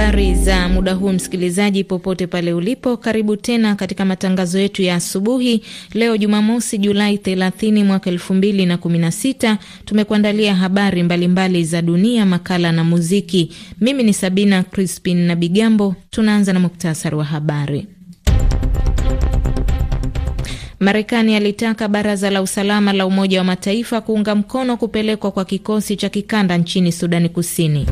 Habari za muda huu, msikilizaji, popote pale ulipo, karibu tena katika matangazo yetu ya asubuhi. Leo Jumamosi, Julai 30 mwaka 2016, tumekuandalia habari mbalimbali mbali za dunia, makala na muziki. Mimi ni Sabina Crispin na Bigambo. Tunaanza na muktasari wa habari. Marekani alitaka baraza la usalama la Umoja wa Mataifa kuunga mkono kupelekwa kwa kikosi cha kikanda nchini Sudani Kusini.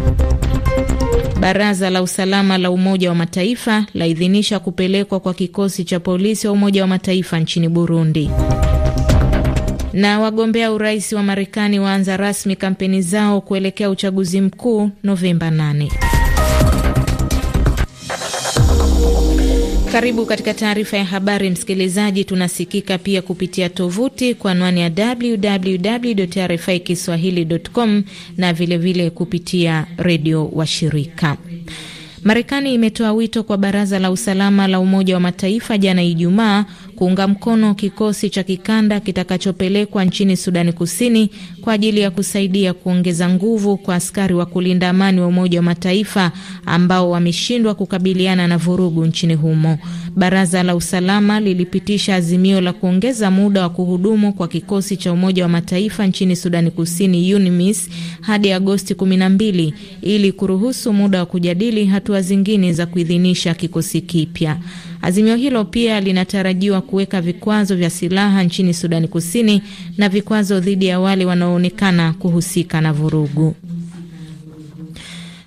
Baraza la Usalama la Umoja wa Mataifa laidhinisha kupelekwa kwa kikosi cha polisi wa Umoja wa Mataifa nchini Burundi. Na wagombea urais wa Marekani waanza rasmi kampeni zao kuelekea uchaguzi mkuu Novemba 8. Karibu katika taarifa ya habari msikilizaji. Tunasikika pia kupitia tovuti kwa anwani ya www RFI kiswahilicom na vilevile vile kupitia redio wa shirika Marekani imetoa wito kwa baraza la usalama la Umoja wa Mataifa jana Ijumaa kuunga mkono kikosi cha kikanda kitakachopelekwa nchini Sudani Kusini kwa ajili ya kusaidia kuongeza nguvu kwa askari wa kulinda amani wa Umoja wa Mataifa ambao wameshindwa kukabiliana na vurugu nchini humo. Baraza la Usalama lilipitisha azimio la kuongeza muda wa kuhudumu kwa kikosi cha Umoja wa Mataifa nchini Sudani Kusini UNMISS hadi Agosti 12 ili kuruhusu muda wa kujadili hatua zingine za kuidhinisha kikosi kipya. Azimio hilo pia linatarajiwa kuweka vikwazo vya silaha nchini Sudani Kusini na vikwazo dhidi ya wale wanao wanaonekana kuhusika na vurugu.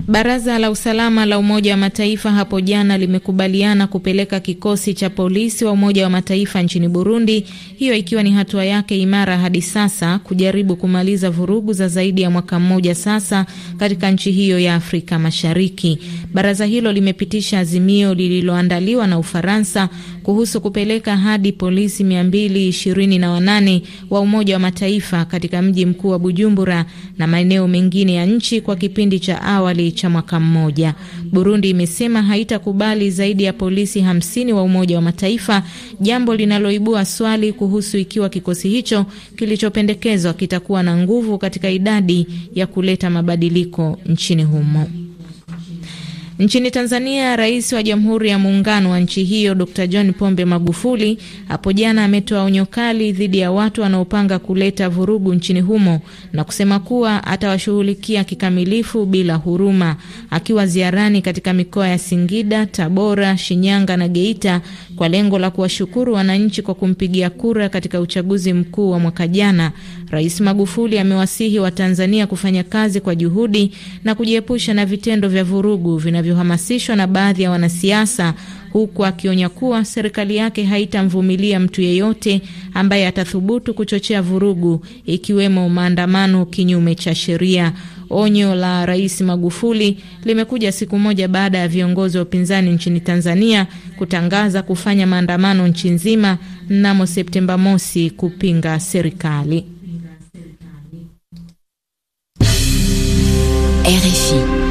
Baraza la usalama la Umoja wa Mataifa hapo jana limekubaliana kupeleka kikosi cha polisi wa Umoja wa Mataifa nchini Burundi, hiyo ikiwa ni hatua yake imara hadi sasa kujaribu kumaliza vurugu za zaidi ya mwaka mmoja sasa katika nchi hiyo ya Afrika Mashariki. Baraza hilo limepitisha azimio lililoandaliwa na Ufaransa kuhusu kupeleka hadi polisi 228 wa Umoja wa Mataifa katika mji mkuu wa Bujumbura na maeneo mengine ya nchi kwa kipindi cha awali cha mwaka mmoja. Burundi imesema haitakubali zaidi ya polisi hamsini wa Umoja wa Mataifa, jambo linaloibua swali kuhusu ikiwa kikosi hicho kilichopendekezwa kitakuwa na nguvu katika idadi ya kuleta mabadiliko nchini humo. Nchini Tanzania, rais wa Jamhuri ya Muungano wa nchi hiyo Dr John Pombe Magufuli hapo jana ametoa onyo kali dhidi ya watu wanaopanga kuleta vurugu nchini humo na kusema kuwa atawashughulikia kikamilifu bila huruma. Akiwa ziarani katika mikoa ya Singida, Tabora, Shinyanga na Geita kwa lengo la kuwashukuru wananchi kwa kumpigia kura katika uchaguzi mkuu wa mwaka jana, Rais Magufuli amewasihi Watanzania kufanya kazi kwa juhudi na kujiepusha na vitendo vya vurugu vinavyo vinavyohamasishwa na baadhi ya wanasiasa, huku akionya kuwa serikali yake haitamvumilia mtu yeyote ambaye atathubutu kuchochea vurugu, ikiwemo maandamano kinyume cha sheria. Onyo la Rais Magufuli limekuja siku moja baada ya viongozi wa upinzani nchini Tanzania kutangaza kufanya maandamano nchi nzima mnamo Septemba mosi kupinga serikali. RFI.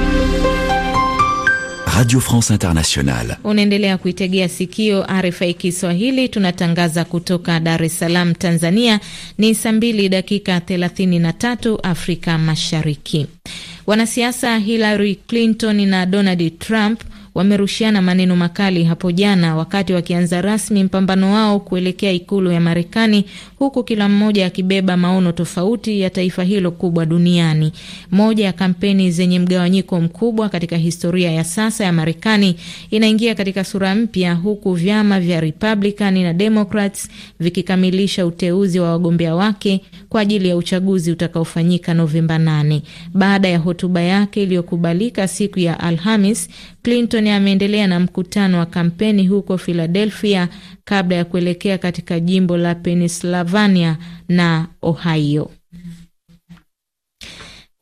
Radio France Internationale. Unaendelea kuitegea sikio RFI Kiswahili, tunatangaza kutoka Dar es Salaam, Tanzania. Ni saa mbili dakika 33 Afrika Mashariki. Wanasiasa Hillary Clinton na Donald Trump wamerushiana maneno makali hapo jana wakati wakianza rasmi mpambano wao kuelekea ikulu ya Marekani, huku kila mmoja akibeba maono tofauti ya taifa hilo kubwa duniani. Moja ya kampeni zenye mgawanyiko mkubwa katika historia ya sasa ya Marekani inaingia katika sura mpya, huku vyama vya Republican na Democrats vikikamilisha uteuzi wa wagombea wake kwa ajili ya uchaguzi utakaofanyika Novemba 8. Baada ya hotuba yake iliyokubalika siku ya Alhamis, Clinton ameendelea na mkutano wa kampeni huko Philadelphia kabla ya kuelekea katika jimbo la Pennsylvania na Ohio.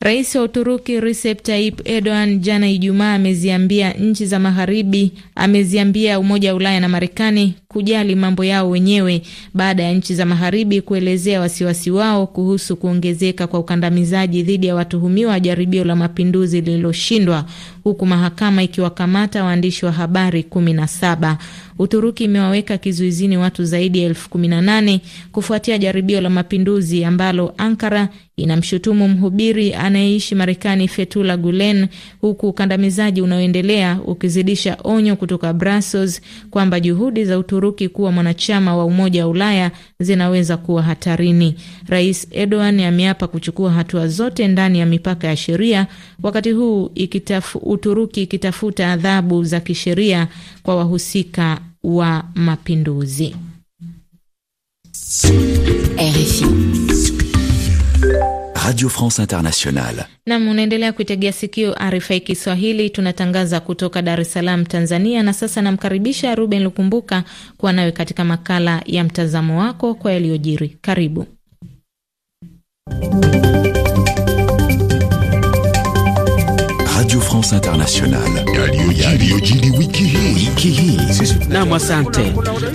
Rais wa Uturuki Recep Tayyip Erdogan jana Ijumaa ameziambia nchi za magharibi, ameziambia Umoja wa Ulaya na Marekani kujali mambo yao wenyewe baada ya nchi za magharibi kuelezea wasiwasi wao kuhusu kuongezeka kwa ukandamizaji dhidi ya watuhumiwa wa jaribio la mapinduzi lililoshindwa huku mahakama ikiwakamata waandishi wa habari 17. Uturuki imewaweka kizuizini watu zaidi ya elfu kumi na nane kufuatia jaribio la mapinduzi ambalo Ankara inamshutumu mhubiri anayeishi Marekani Fethullah Gulen, huku ukandamizaji unaoendelea ukizidisha onyo kutoka Brussels kwamba juhudi za Uturuki Uturuki kuwa mwanachama wa Umoja wa Ulaya zinaweza kuwa hatarini. Rais Erdogan ameapa kuchukua hatua zote ndani ya mipaka ya sheria, wakati huu ikitafu, Uturuki ikitafuta adhabu za kisheria kwa wahusika wa mapinduzi RFI. Radio France Internationale. Nam, unaendelea kuitegea sikio RFI Kiswahili, tunatangaza kutoka Dar es Salaam, Tanzania. Na sasa namkaribisha Ruben Lukumbuka kuwa nawe katika makala ya mtazamo wako kwa yaliyojiri. Karibu. Radio France Internationale yaliyojiri wiki hii. Nam, asante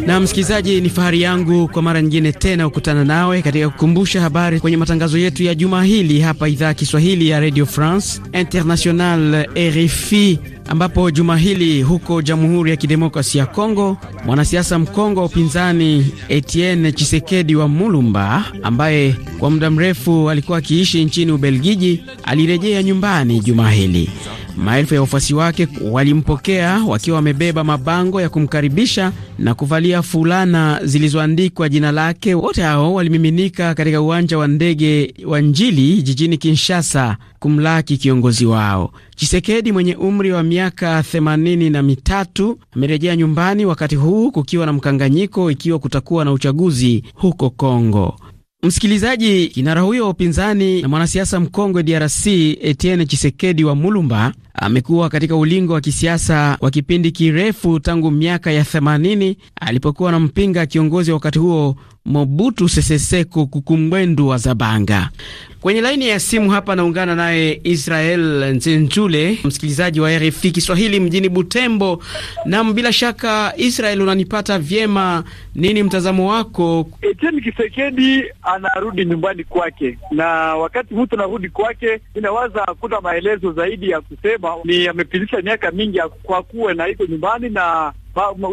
na msikilizaji, ni fahari yangu kwa mara nyingine tena kukutana nawe katika kukumbusha habari kwenye matangazo yetu ya juma hili hapa idhaa ya Kiswahili ya Radio France International RFI ambapo juma hili huko Jamhuri ya Kidemokrasia ya Kongo, mwanasiasa mkongo wa upinzani Etienne Chisekedi wa Mulumba, ambaye kwa muda mrefu alikuwa akiishi nchini Ubelgiji, alirejea nyumbani juma hili. Maelfu ya wafuasi wake walimpokea wakiwa wamebeba mabango ya kumkaribisha na kuvalia fulana zilizoandikwa jina lake. Wote hao walimiminika katika uwanja wa ndege wa Njili jijini Kinshasa kumlaki kiongozi wao. Chisekedi mwenye umri wa miaka themanini na mitatu amerejea nyumbani wakati huu kukiwa na mkanganyiko, ikiwa kutakuwa na uchaguzi huko Kongo. Msikilizaji, kinara huyo wa upinzani na mwanasiasa mkongwe DRC Etienne Chisekedi wa Mulumba amekuwa katika ulingo wa kisiasa wa kipindi kirefu tangu miaka ya 80 alipokuwa anampinga kiongozi wa wakati huo Mobutu Sese Seko Kukumbwendu wa Zabanga. Kwenye laini ya simu hapa naungana naye Israel Nzenjule, msikilizaji wa RFI Kiswahili mjini Butembo. Nam, bila shaka Israel unanipata vyema, nini mtazamo wako? Etieni Kisekedi anarudi nyumbani kwake, na wakati mtu anarudi kwake, inawaza hakuna maelezo zaidi ya kusema amesema ni amepitisha miaka mingi kwa kuwa na iko nyumbani na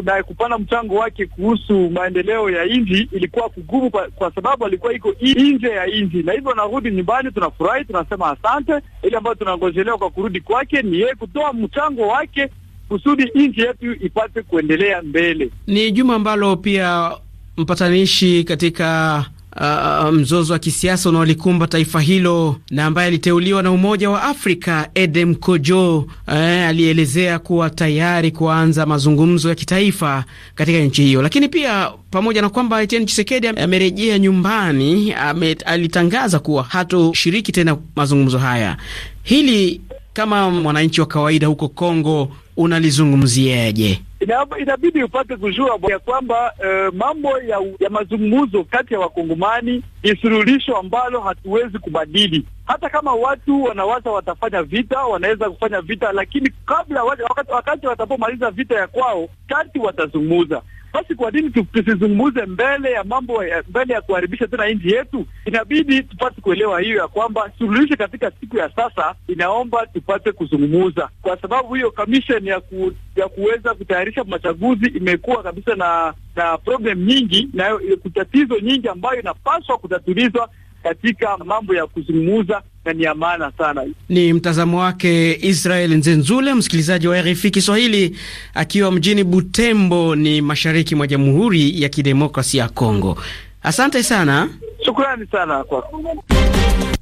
na kupana mchango wake kuhusu maendeleo ya nji ilikuwa kugumu kwa, kwa sababu alikuwa iko nje ya nji na hivyo anarudi nyumbani, tunafurahi, tunasema asante. Ile ambayo tunangojelewa kwa kurudi kwake ni yeye kutoa mchango wake kusudi nji yetu ipate kuendelea mbele. Ni juma ambalo pia mpatanishi katika uh, um, mzozo wa kisiasa unaolikumba taifa hilo na ambaye aliteuliwa na Umoja wa Afrika Edem Kojo eh, alielezea kuwa tayari kuanza mazungumzo ya kitaifa katika nchi hiyo, lakini pia pamoja na kwamba Etienne Tshisekedi amerejea nyumbani ame, alitangaza kuwa hatoshiriki tena mazungumzo haya. Hili kama mwananchi wa kawaida huko Kongo unalizungumziaje? Inabidi upate kujua ya kwamba e, mambo ya, ya mazungumzo kati ya wakongomani ni suluhisho ambalo hatuwezi kubadili. Hata kama watu wanawaza watafanya vita, wanaweza kufanya vita, lakini kabla wakati, wakati watapomaliza vita ya kwao, kati watazungumza basi kwa nini tusizungumze mbele ya mambo ya mbele ya kuharibisha tena nchi yetu? Inabidi tupate kuelewa hiyo ya kwamba suluhisho katika siku ya sasa inaomba tupate kuzungumuza, kwa sababu hiyo kamisheni ya, ku, ya kuweza kutayarisha machaguzi imekuwa kabisa na na problem nyingi na kutatizo nyingi ambayo inapaswa kutatulizwa katika mambo ya kuzungumza na ni ya maana sana. Ni mtazamo wake Israel Nzenzule, msikilizaji wa RFI Kiswahili akiwa mjini Butembo, ni mashariki mwa Jamhuri ya Kidemokrasia ya Kongo. Asante sana, shukrani sana kwa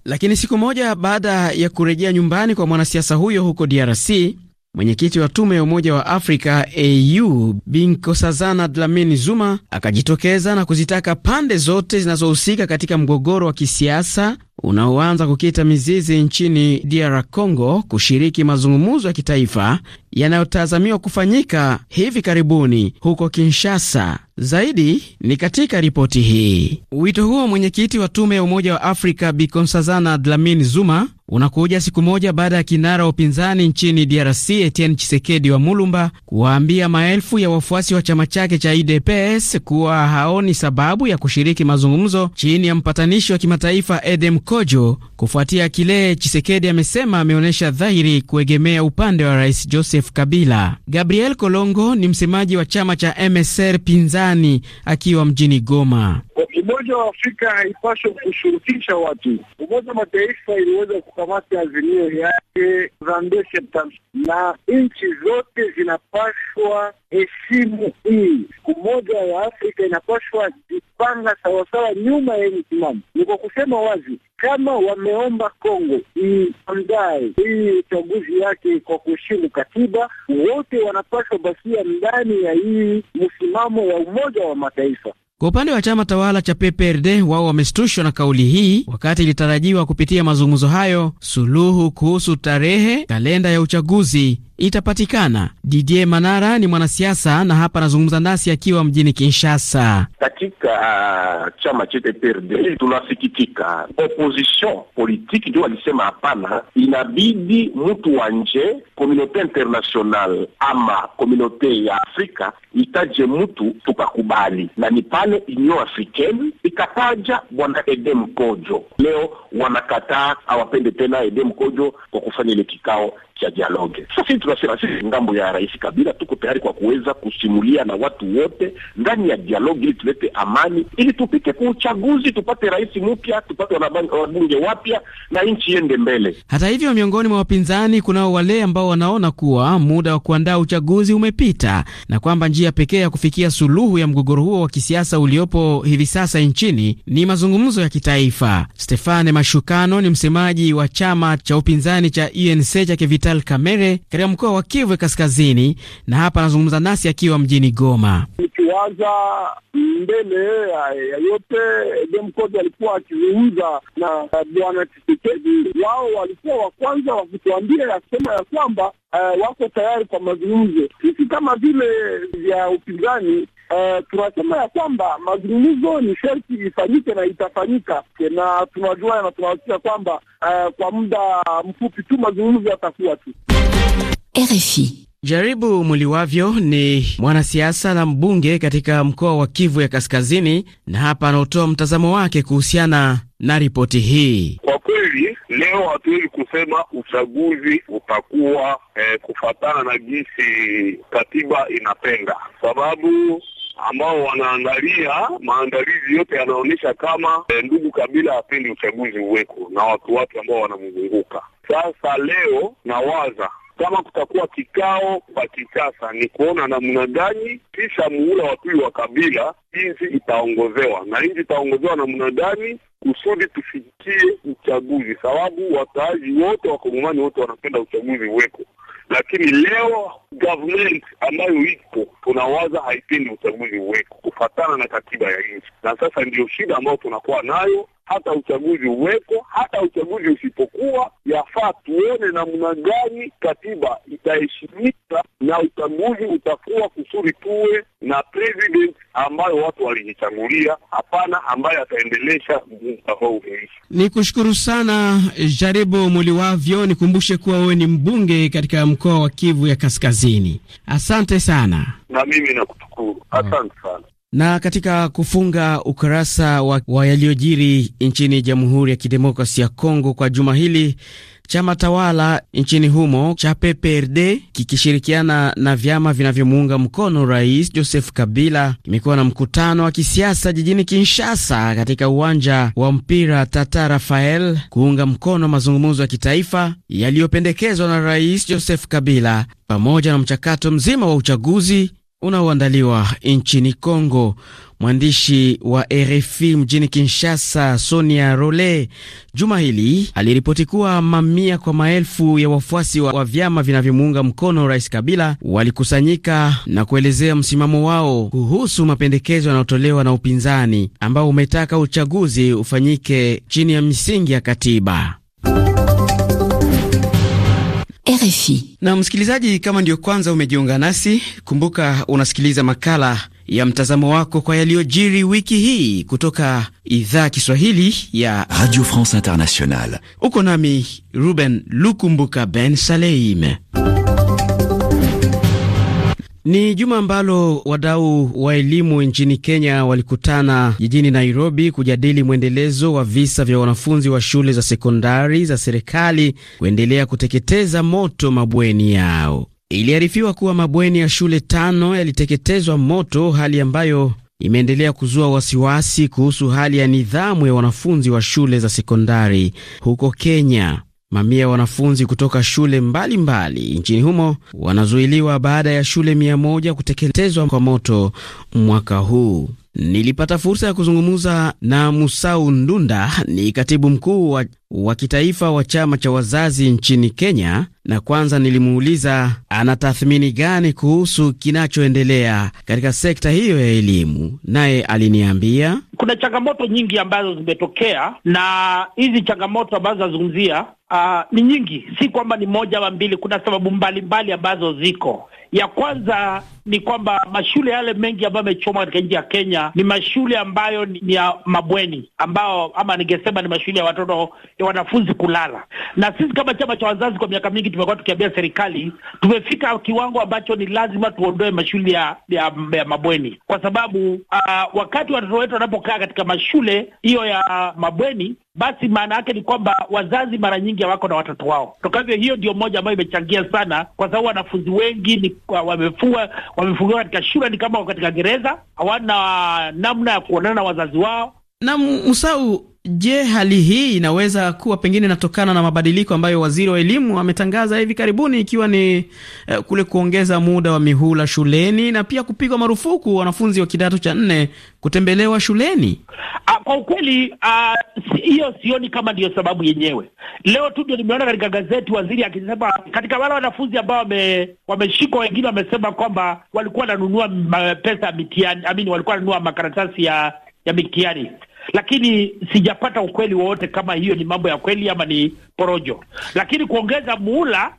Lakini siku moja baada ya kurejea nyumbani kwa mwanasiasa huyo huko DRC mwenyekiti wa tume ya Umoja wa Afrika AU Binkosazana Dlamini Zuma akajitokeza na kuzitaka pande zote zinazohusika katika mgogoro wa kisiasa unaoanza kukita mizizi nchini DR Congo kushiriki mazungumzo ya kitaifa yanayotazamiwa kufanyika hivi karibuni huko Kinshasa. Zaidi ni katika ripoti hii. Wito huo mwenyekiti wa tume ya Umoja wa Afrika Bikonsazana Dlamini Zuma unakuja siku moja baada ya kinara wa upinzani nchini DRC Etienne Chisekedi wa Mulumba kuwaambia maelfu ya wafuasi wa chama chake cha UDPS kuwa haoni sababu ya kushiriki mazungumzo chini ya mpatanishi wa kimataifa Edem mkojo kufuatia kile Chisekedi amesema ameonyesha dhahiri kuegemea upande wa rais Joseph Kabila. Gabriel Kolongo ni msemaji wa chama cha MSR pinzani akiwa mjini Goma. Umoja wa Afrika haipashwa kushurutisha watu. Umoja wa Mataifa iliweza kukamata azimio yake na nchi zote zinapashwa heshimu hii. Umoja wa Afrika inapashwa jipanga sawasawa nyuma yenye msimamo. Ni kwa kusema wazi kama wameomba Kongo iandae hii uchaguzi yake kwa kuheshimu katiba, wote wanapaswa basia ndani ya hii msimamo wa Umoja wa Mataifa. Kwa upande wa chama tawala cha PPRD, wao wameshtushwa na kauli hii, wakati ilitarajiwa kupitia mazungumzo hayo suluhu kuhusu tarehe kalenda ya uchaguzi itapatikana. Didier Manara ni mwanasiasa na hapa anazungumza nasi akiwa mjini Kinshasa. Katika uh, chama chete PRD tunasikitika, opposition politiki ndio walisema hapana, inabidi mtu wa nje, komunote international ama komunote ya Afrika itaje mtu tukakubali, na ni pale Union Africaine ikataja bwana Edem Kojo. Leo wanakataa, hawapende tena Edem Kojo kwa kufanya ile kikao cha dialogue. Sasa sisi tunasema sisi ngambo ya Rais Kabila tuko tayari kwa kuweza kusimulia na watu wote ndani ya dialogue, ili tulete amani, ili tupite kwa uchaguzi, tupate rais mpya, tupate wabunge wapya na nchi iende mbele. Hata hivyo, miongoni mwa wapinzani kunao wale ambao wanaona kuwa muda wa kuandaa uchaguzi umepita na kwamba njia pekee ya kufikia suluhu ya mgogoro huo wa kisiasa uliopo hivi sasa nchini ni mazungumzo ya kitaifa. Stefane Mashukano ni msemaji wa chama cha upinzani cha UNC cha kivita Vital Kamerhe katika mkoa wa Kivu Kaskazini, na hapa anazungumza nasi akiwa mjini Goma. Nikiwaza mbele ya yote, alikuwa akizungumza na bwana Tshisekedi, wao walikuwa wa kwanza wa kutuambia sema ya kwamba uh, wako tayari kwa mazungumzo. Sisi kama vile vya upinzani Uh, tunasema ya kwamba mazungumzo ni sharti ifanyike na itafanyika, na tunajua na tunahakika kwamba uh, kwa muda mfupi tu mazungumzo yatakuwa tu. RFI Jaribu Muliwavyo ni mwanasiasa na mbunge katika mkoa wa Kivu ya Kaskazini, na hapa anaotoa mtazamo wake kuhusiana na ripoti hii. Kwa kweli leo hatuwezi kusema uchaguzi utakuwa eh, kufatana na jinsi katiba inapenda, sababu ambao wanaangalia maandalizi yote yanaonyesha kama eh, ndugu Kabila hapendi uchaguzi uweko na watu wake ambao wanamzunguka. Sasa leo nawaza kama kutakuwa kikao kwa kisasa ni kuona namna gani kisha muhula wa pili wa Kabila nchi itaongozewa na nchi itaongozewa namna gani kusudi tufikie uchaguzi, sababu wakaaji wote wakongomani wote wanapenda uchaguzi uweko lakini leo government ambayo iko tunawaza haipendi uchaguzi uweko kufatana na katiba ya nchi, na sasa ndiyo shida ambayo tunakuwa nayo hata uchaguzi uweko, hata uchaguzi usipokuwa, yafaa tuone namna gani katiba itaheshimika na uchaguzi utakuwa kusuri tuwe na president ambayo watu walijichagulia, hapana ambayo ataendelesha utakaogeisha. Ni kushukuru sana Jaribu Muliwavyo. Nikumbushe kuwa wewe ni mbunge katika mkoa wa Kivu ya Kaskazini. Asante sana. Na mimi nakushukuru, asante sana. Na katika kufunga ukurasa wa, wa yaliyojiri nchini Jamhuri ya kidemokrasi ya Kongo kwa juma hili, chama tawala nchini humo cha PPRD kikishirikiana na vyama vinavyomuunga mkono Rais Joseph Kabila kimekuwa na mkutano wa kisiasa jijini Kinshasa katika uwanja wa mpira Tata Rafael kuunga mkono mazungumzo ya kitaifa yaliyopendekezwa na Rais Joseph Kabila pamoja na mchakato mzima wa uchaguzi unaoandaliwa nchini congo Mwandishi wa RFI mjini Kinshasa, Sonia Role, juma hili aliripoti kuwa mamia kwa maelfu ya wafuasi wa vyama vinavyomuunga mkono Rais Kabila walikusanyika na kuelezea msimamo wao kuhusu mapendekezo yanayotolewa na upinzani ambao umetaka uchaguzi ufanyike chini ya misingi ya katiba. RFI. Na msikilizaji, kama ndiyo kwanza umejiunga nasi, kumbuka unasikiliza makala ya mtazamo wako kwa yaliyojiri wiki hii kutoka idhaa Kiswahili ya Radio France Internationale. Uko nami Ruben Lukumbuka Ben Saleim. Ni juma ambalo wadau wa elimu nchini Kenya walikutana jijini Nairobi kujadili mwendelezo wa visa vya wanafunzi wa shule za sekondari za serikali kuendelea kuteketeza moto mabweni yao. Iliarifiwa kuwa mabweni ya shule tano yaliteketezwa moto, hali ambayo imeendelea kuzua wasiwasi kuhusu hali ya nidhamu ya wanafunzi wa shule za sekondari huko Kenya. Mamia ya wanafunzi kutoka shule mbalimbali mbali nchini humo wanazuiliwa baada ya shule mia moja kuteketezwa kwa moto mwaka huu. Nilipata fursa ya kuzungumza na Musau Ndunda, ni katibu mkuu wa, wa kitaifa wa chama cha wazazi nchini Kenya, na kwanza nilimuuliza ana tathmini gani kuhusu kinachoendelea katika sekta hiyo ya elimu, naye aliniambia kuna changamoto nyingi ambazo zimetokea, na hizi changamoto ambazo nazungumzia uh, ni nyingi, si kwamba ni moja ama mbili. Kuna sababu mbalimbali mbali ambazo ziko. Ya kwanza ni kwamba mashule yale mengi ambayo yamechomwa katika nchi ya Kenya ni mashule ambayo ni, ni ya mabweni ambao ama ningesema ni mashule ya watoto ya wanafunzi kulala. Na sisi kama chama cha wazazi kwa miaka mingi tumekuwa tukiambia serikali, tumefika kiwango ambacho ni lazima tuondoe mashule ya, ya, ya mabweni kwa sababu uh, wakati watoto wetu wanapokaa katika mashule hiyo ya uh, mabweni basi maana yake ni kwamba wazazi mara nyingi hawako na watoto wao. Tokavyo, hiyo ndio moja ambayo imechangia sana, kwa sababu wanafunzi wengi ni wamefua wamefungiwa katika shule, ni kama katika gereza, hawana namna ya kuonana na wazazi wao. Na Musau, Je, hali hii inaweza kuwa pengine inatokana na mabadiliko ambayo waziri wa elimu ametangaza hivi karibuni, ikiwa ni eh, kule kuongeza muda wa mihula shuleni na pia kupigwa marufuku wanafunzi wa kidato cha nne kutembelewa shuleni? A, ah, kwa ukweli ah, hiyo sioni kama ndiyo sababu yenyewe. Leo tu ndio nimeona katika gazeti waziri akisema katika wale wanafunzi ambao wameshikwa, wengine wamesema kwamba walikuwa wananunua eh, pesa ya mitihani, amini walikuwa wananunua makaratasi ya ya mitihani lakini sijapata ukweli wowote kama hiyo ni mambo ya kweli ama ni porojo. Lakini kuongeza muhula,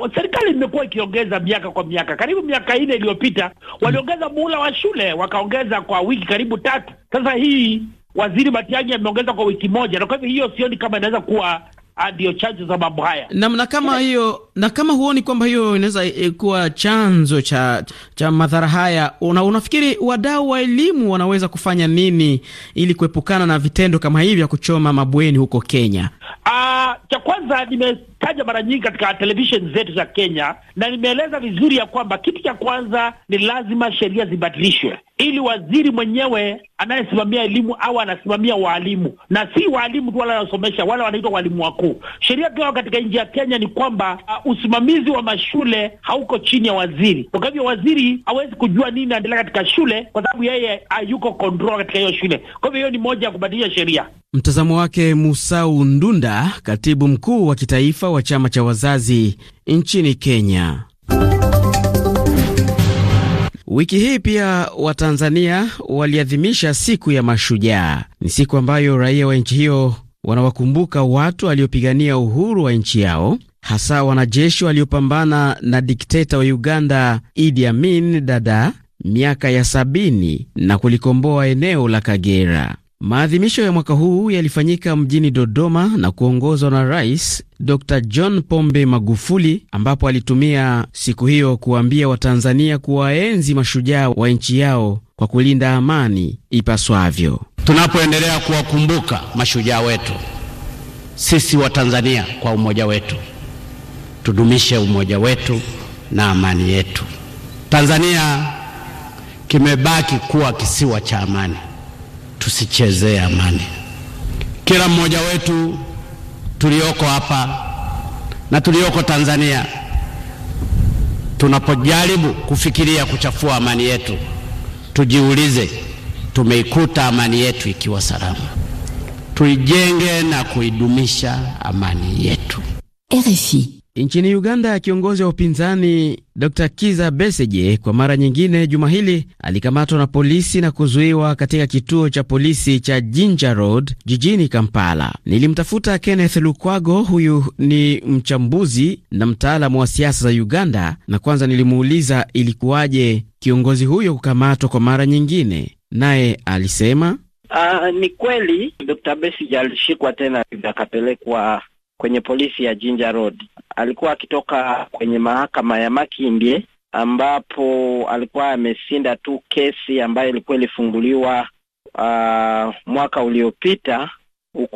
uh, serikali imekuwa ikiongeza miaka kwa miaka, karibu miaka nne iliyopita waliongeza muhula wa shule wakaongeza kwa wiki karibu tatu. Sasa hii Waziri Matiang'i ameongeza kwa wiki moja, na kwa hivyo hiyo sioni kama inaweza kuwa Ah, ndio chanzo za mambo haya na, na kama hiyo na kama huoni kwamba hiyo inaweza eh, kuwa chanzo cha cha madhara haya, una, unafikiri wadau wa elimu wanaweza kufanya nini ili kuepukana na vitendo kama hivi vya kuchoma mabweni huko Kenya? Uh, cha kwanza nimetaja mara nyingi katika television zetu za Kenya na nimeeleza vizuri ya kwamba kitu cha kwanza ni lazima sheria zibadilishwe ili waziri mwenyewe anayesimamia elimu au anasimamia waalimu na si waalimu tu wale wanaosomesha wale wanaitwa walimu wakuu. Sheria tunao katika nchi ya Kenya ni kwamba uh, usimamizi wa mashule hauko chini ya waziri. Kwa hivyo waziri hawezi kujua nini naendelea katika shule kwa sababu yeye hayuko control katika hiyo shule. Kwa hivyo hiyo ni moja ya kubadilisha sheria. Mtazamo wake Musau Ndunda, katibu mkuu wa kitaifa wa chama cha wazazi nchini Kenya. Wiki hii pia Watanzania waliadhimisha siku ya mashujaa. Ni siku ambayo raia wa nchi hiyo wanawakumbuka watu waliopigania uhuru wa nchi yao, hasa wanajeshi waliopambana na dikteta wa Uganda Idi Amin Dada miaka ya sabini na kulikomboa eneo la Kagera. Maadhimisho ya mwaka huu yalifanyika mjini Dodoma na kuongozwa na Rais Dr John Pombe Magufuli, ambapo alitumia siku hiyo kuwaambia Watanzania kuwaenzi mashujaa wa nchi yao kwa kulinda amani ipaswavyo. Tunapoendelea kuwakumbuka mashujaa wetu, sisi Watanzania, kwa umoja wetu, tudumishe umoja wetu na amani yetu. Tanzania kimebaki kuwa kisiwa cha amani tusichezee amani. Kila mmoja wetu tulioko hapa na tulioko Tanzania, tunapojaribu kufikiria kuchafua amani yetu, tujiulize tumeikuta amani yetu ikiwa salama. Tuijenge na kuidumisha amani yetu. RFI Nchini Uganda, kiongozi wa upinzani Dr Kiza Beseje kwa mara nyingine juma hili alikamatwa na polisi na kuzuiwa katika kituo cha polisi cha Jinja Road jijini Kampala. Nilimtafuta Kenneth Lukwago, huyu ni mchambuzi na mtaalamu wa siasa za Uganda, na kwanza nilimuuliza ilikuwaje kiongozi huyo kukamatwa kwa mara nyingine, naye alisema Uh, ni kweli Dr. Beseje alishikwa tena akapelekwa kwenye polisi ya Jinja Road alikuwa akitoka kwenye mahakama ya Makindye ambapo alikuwa ameshinda tu kesi ambayo ilikuwa ilifunguliwa uh, mwaka uliopita.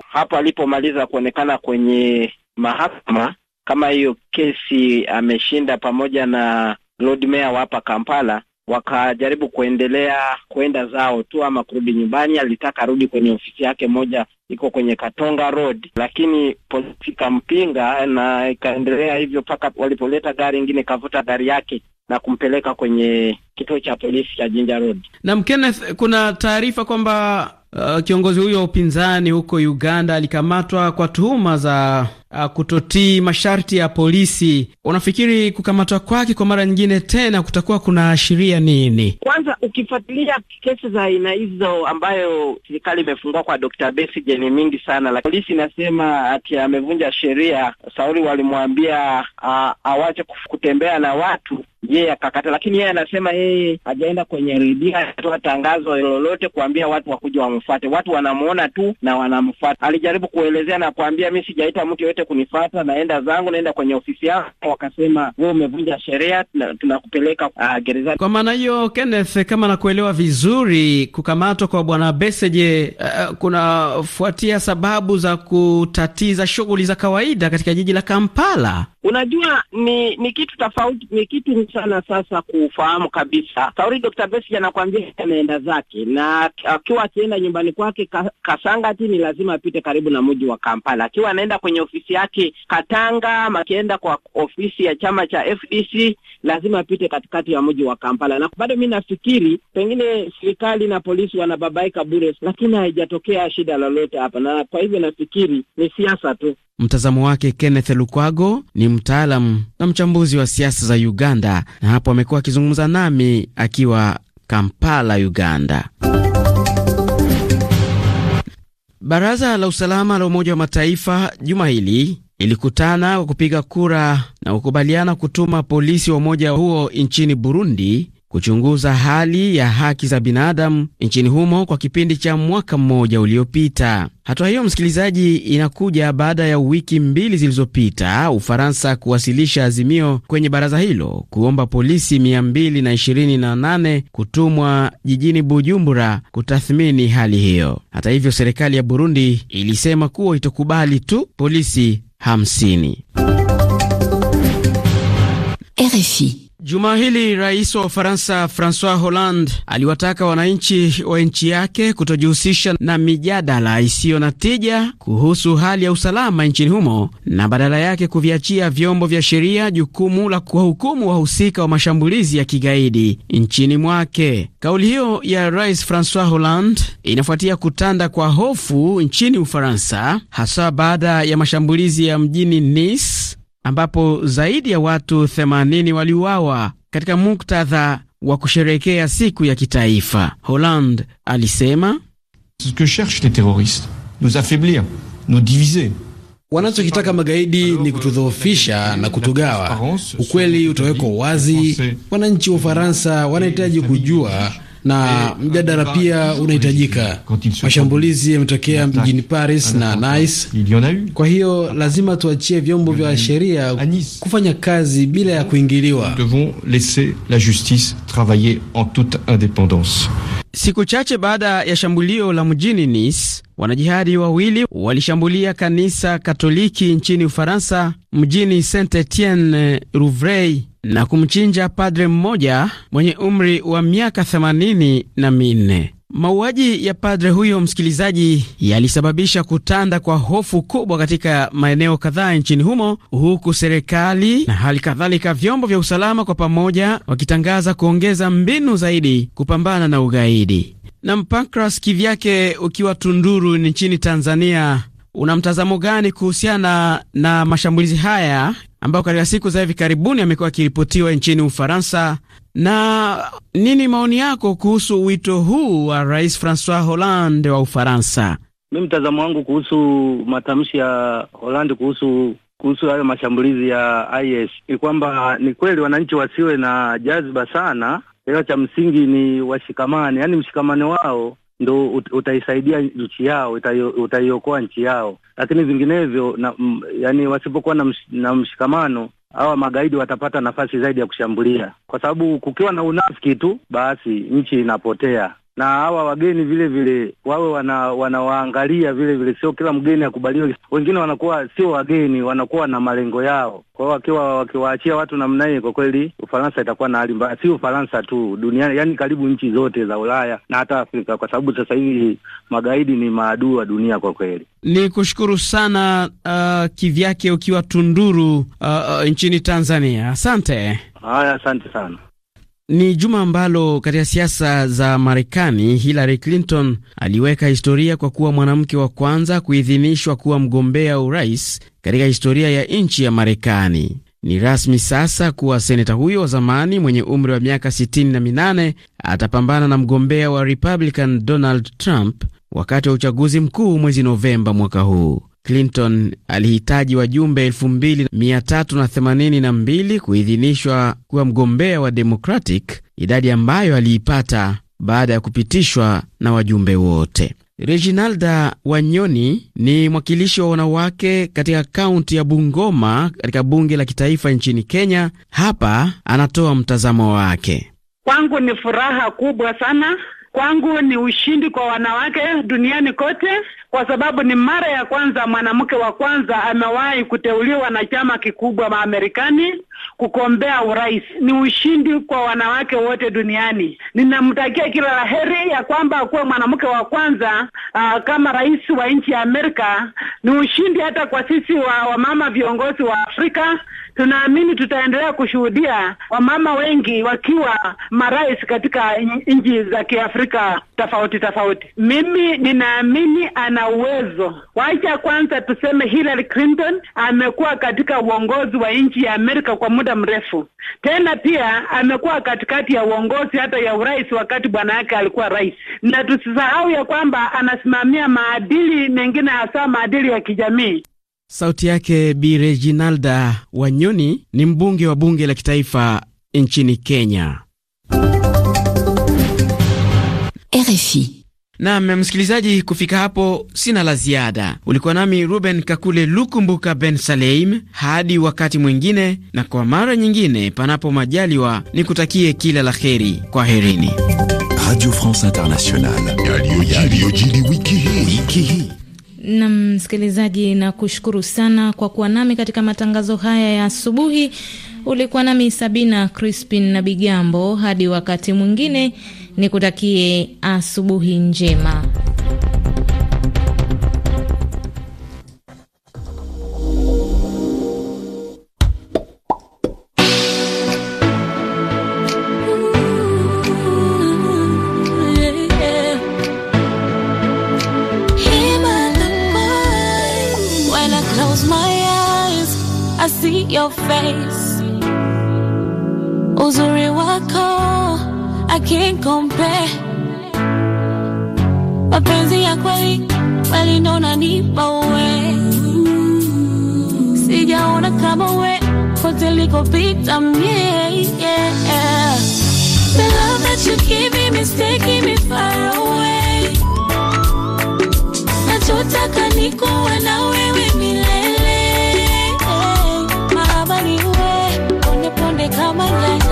Hapo alipomaliza kuonekana kwenye mahakama kama hiyo kesi ameshinda, pamoja na Lord Mayor wa hapa Kampala, wakajaribu kuendelea kwenda zao tu ama kurudi nyumbani. Alitaka arudi kwenye ofisi yake moja iko kwenye Katonga Road, lakini polisi ikampinga na ikaendelea hivyo mpaka walipoleta gari ingine ikavuta gari yake na kumpeleka kwenye kituo cha polisi cha Jinja Road. Na Kenneth, kuna taarifa kwamba uh, kiongozi huyo wa upinzani huko Uganda alikamatwa kwa tuhuma za uh, kutotii masharti ya polisi. Unafikiri kukamatwa kwake kwa mara nyingine tena kutakuwa kuna ashiria nini? Kwanza ukifuatilia kesi za aina hizo ambayo serikali imefungua kwa Dr. Besigye ni mingi sana, lakini polisi inasema ati amevunja sheria. Sauri walimwambia uh, awache kutembea na watu yeye yeah, akakata, lakini yeye anasema yeye hajaenda kwenye redio anatoa tangazo lolote kuambia watu wakuja wamfuate. Watu wanamwona tu na wanamfuata. Alijaribu kuelezea na kuambia, mi sijaita mtu yoyote kunifata, naenda zangu, naenda kwenye ofisi yao. Wakasema wewe umevunja sheria, tunakupeleka uh, gerezani. Kwa maana hiyo, Kenneth, kama nakuelewa vizuri, kukamatwa kwa bwana beseje uh, eh, eh, kunafuatia sababu za kutatiza shughuli za kawaida katika jiji la Kampala. Unajua ni ni kitu tofauti, ni kitu sana sasa kufahamu kabisa. Kauri Dr. Besigye anakuambia ameenda zake, na akiwa akienda nyumbani kwake Kasangati ni lazima apite karibu na mji wa Kampala. Akiwa anaenda kwenye ofisi yake Katanga, akienda kwa ofisi ya chama cha FDC lazima apite katikati ya mji wa Kampala, na bado mi nafikiri pengine serikali na polisi wanababaika bure, lakini haijatokea shida lolote hapa, na kwa hivyo nafikiri ni siasa tu. Mtazamo wake Kenneth Lukwago ni mtaalamu na mchambuzi wa siasa za Uganda, na hapo amekuwa akizungumza nami akiwa Kampala, Uganda. Baraza la usalama la Umoja wa Mataifa juma hili ilikutana kwa kupiga kura na kukubaliana kutuma polisi wa umoja huo nchini Burundi kuchunguza hali ya haki za binadamu nchini humo kwa kipindi cha mwaka mmoja uliopita. Hatua hiyo, msikilizaji, inakuja baada ya wiki mbili zilizopita Ufaransa kuwasilisha azimio kwenye baraza hilo kuomba polisi 228 kutumwa jijini Bujumbura kutathmini hali hiyo. Hata hivyo, serikali ya Burundi ilisema kuwa itakubali tu polisi 50. RFI Jumaa hili rais wa Ufaransa Francois Hollande aliwataka wananchi wa nchi yake kutojihusisha na mijadala isiyo na tija kuhusu hali ya usalama nchini humo na badala yake kuviachia vyombo vya sheria jukumu la kuwahukumu wahusika wa mashambulizi ya kigaidi nchini mwake. Kauli hiyo ya rais Francois Hollande inafuatia kutanda kwa hofu nchini Ufaransa, hasa baada ya mashambulizi ya mjini Nice ambapo zaidi ya watu 80 waliuawa katika muktadha wa kusherekea siku ya kitaifa. Hollande alisema ce que cherchent les terroristes nous affaiblir nous diviser Wanachokitaka magaidi ni kutudhoofisha na kutugawa. Ukweli utawekwa wazi. Wananchi wa Ufaransa wanahitaji kujua na eh, mjadala pia unahitajika. Mashambulizi yametokea mjini Paris na Nice, kwa hiyo lazima tuachie vyombo vya sheria kufanya kazi bila ya kuingiliwa. Siku chache baada ya shambulio la mjini Nice, wanajihadi wawili walishambulia kanisa Katoliki nchini Ufaransa, mjini Saint Etienne Rouvray na kumchinja padre mmoja mwenye umri wa miaka themanini na minne. Mauaji ya padre huyo, msikilizaji, yalisababisha kutanda kwa hofu kubwa katika maeneo kadhaa nchini humo, huku serikali na hali kadhalika vyombo vya usalama kwa pamoja wakitangaza kuongeza mbinu zaidi kupambana na ugaidi. Na Mpankras kivyake, ukiwa Tunduru nchini Tanzania, una mtazamo gani kuhusiana na mashambulizi haya ambao katika siku za hivi karibuni amekuwa akiripotiwa nchini Ufaransa. Na nini maoni yako kuhusu wito huu wa Rais Francois Hollande wa Ufaransa? Mi mtazamo wangu kuhusu matamshi ya Hollande kuhusu kuhusu hayo mashambulizi ya IS ni kwamba ni kweli wananchi wasiwe na jaziba sana, ila cha msingi ni washikamane, yaani mshikamano wao ndo utaisaidia nchi yao, utaiokoa nchi yao, lakini vinginevyo na, m, yani wasipokuwa na, msh, na mshikamano hawa magaidi watapata nafasi zaidi ya kushambulia, kwa sababu kukiwa na unafiki tu basi nchi inapotea na hawa wageni vile vile wawe wana wanawaangalia vile vile, sio kila mgeni akubaliwe. Wengine wanakuwa sio wageni, wanakuwa na malengo yao. Kwa hiyo wakiwa wakiwaachia watu namna hii, kwa kweli Ufaransa itakuwa na hali mbaya, si Ufaransa tu duniani, yani karibu nchi zote za Ulaya na hata Afrika, kwa sababu sasa hivi magaidi ni maadui wa dunia kwa kweli. Ni kushukuru sana uh, kivyake ukiwa Tunduru uh, uh, nchini Tanzania. Asante haya, asante sana. Ni juma ambalo katika siasa za Marekani Hillary Clinton aliweka historia kwa kuwa mwanamke wa kwanza kuidhinishwa kuwa mgombea urais katika historia ya nchi ya Marekani. Ni rasmi sasa kuwa seneta huyo wa zamani mwenye umri wa miaka 68 atapambana na mgombea wa Republican Donald Trump wakati wa uchaguzi mkuu mwezi Novemba mwaka huu. Clinton alihitaji wajumbe 2382 kuidhinishwa kuwa mgombea wa Democratic, idadi ambayo aliipata baada ya kupitishwa na wajumbe wote. Reginalda Wanyoni ni mwakilishi wa wanawake katika kaunti ya Bungoma katika bunge la kitaifa nchini Kenya. Hapa anatoa mtazamo wake. Kwangu ni furaha kubwa sana Kwangu ni ushindi kwa wanawake duniani kote, kwa sababu ni mara ya kwanza mwanamke wa kwanza amewahi kuteuliwa na chama kikubwa Marekani kukombea urais. Ni ushindi kwa wanawake wote duniani. Ninamtakia kila la heri ya kwamba akuwe mwanamke wa kwanza aa, ah, kama rais wa nchi ya Amerika. Ni ushindi hata kwa sisi wa mama viongozi wa Afrika Tunaamini tutaendelea kushuhudia wamama wengi wakiwa marais katika nchi za Kiafrika tofauti tofauti. Mimi ninaamini ana uwezo. Wacha kwanza tuseme Hillary Clinton amekuwa katika uongozi wa nchi ya Amerika kwa muda mrefu, tena pia amekuwa katikati ya uongozi hata ya urais wakati bwana yake alikuwa rais, na tusisahau ya kwamba anasimamia maadili mengine, hasa maadili ya kijamii. Sauti yake Bi Reginalda Wanyoni ni mbunge wa bunge la kitaifa nchini Kenya. RFI. Nam msikilizaji, kufika hapo sina la ziada. Ulikuwa nami Ruben Kakule Lukumbuka Ben Saleim, hadi wakati mwingine, na kwa mara nyingine, panapo majaliwa, ni kutakie kila la heri. Kwa herini. Radio France Internationale. Yaliyojiri wiki hii. Na msikilizaji, na kushukuru sana kwa kuwa nami katika matangazo haya ya asubuhi. Ulikuwa nami Sabina Crispin na Bigambo. Hadi wakati mwingine, nikutakie asubuhi njema. I can't compare. Mapenzi ya kweli kweli ndo nanipa we, sijaona kama we kote likopita mie yeah. The love that you give me is taking me far away. na wewe milele, eh, maaba ni we, ponde ponde kama nyanya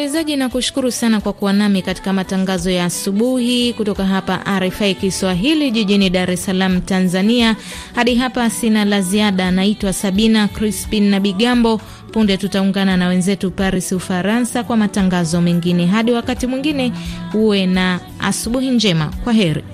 Msikilizaji, na kushukuru sana kwa kuwa nami katika matangazo ya asubuhi kutoka hapa RFI Kiswahili jijini Dar es Salaam, Tanzania. Hadi hapa sina la ziada. Naitwa Sabina Crispin na Bigambo. Punde tutaungana na wenzetu Paris, Ufaransa, kwa matangazo mengine. Hadi wakati mwingine, uwe na asubuhi njema. Kwa heri.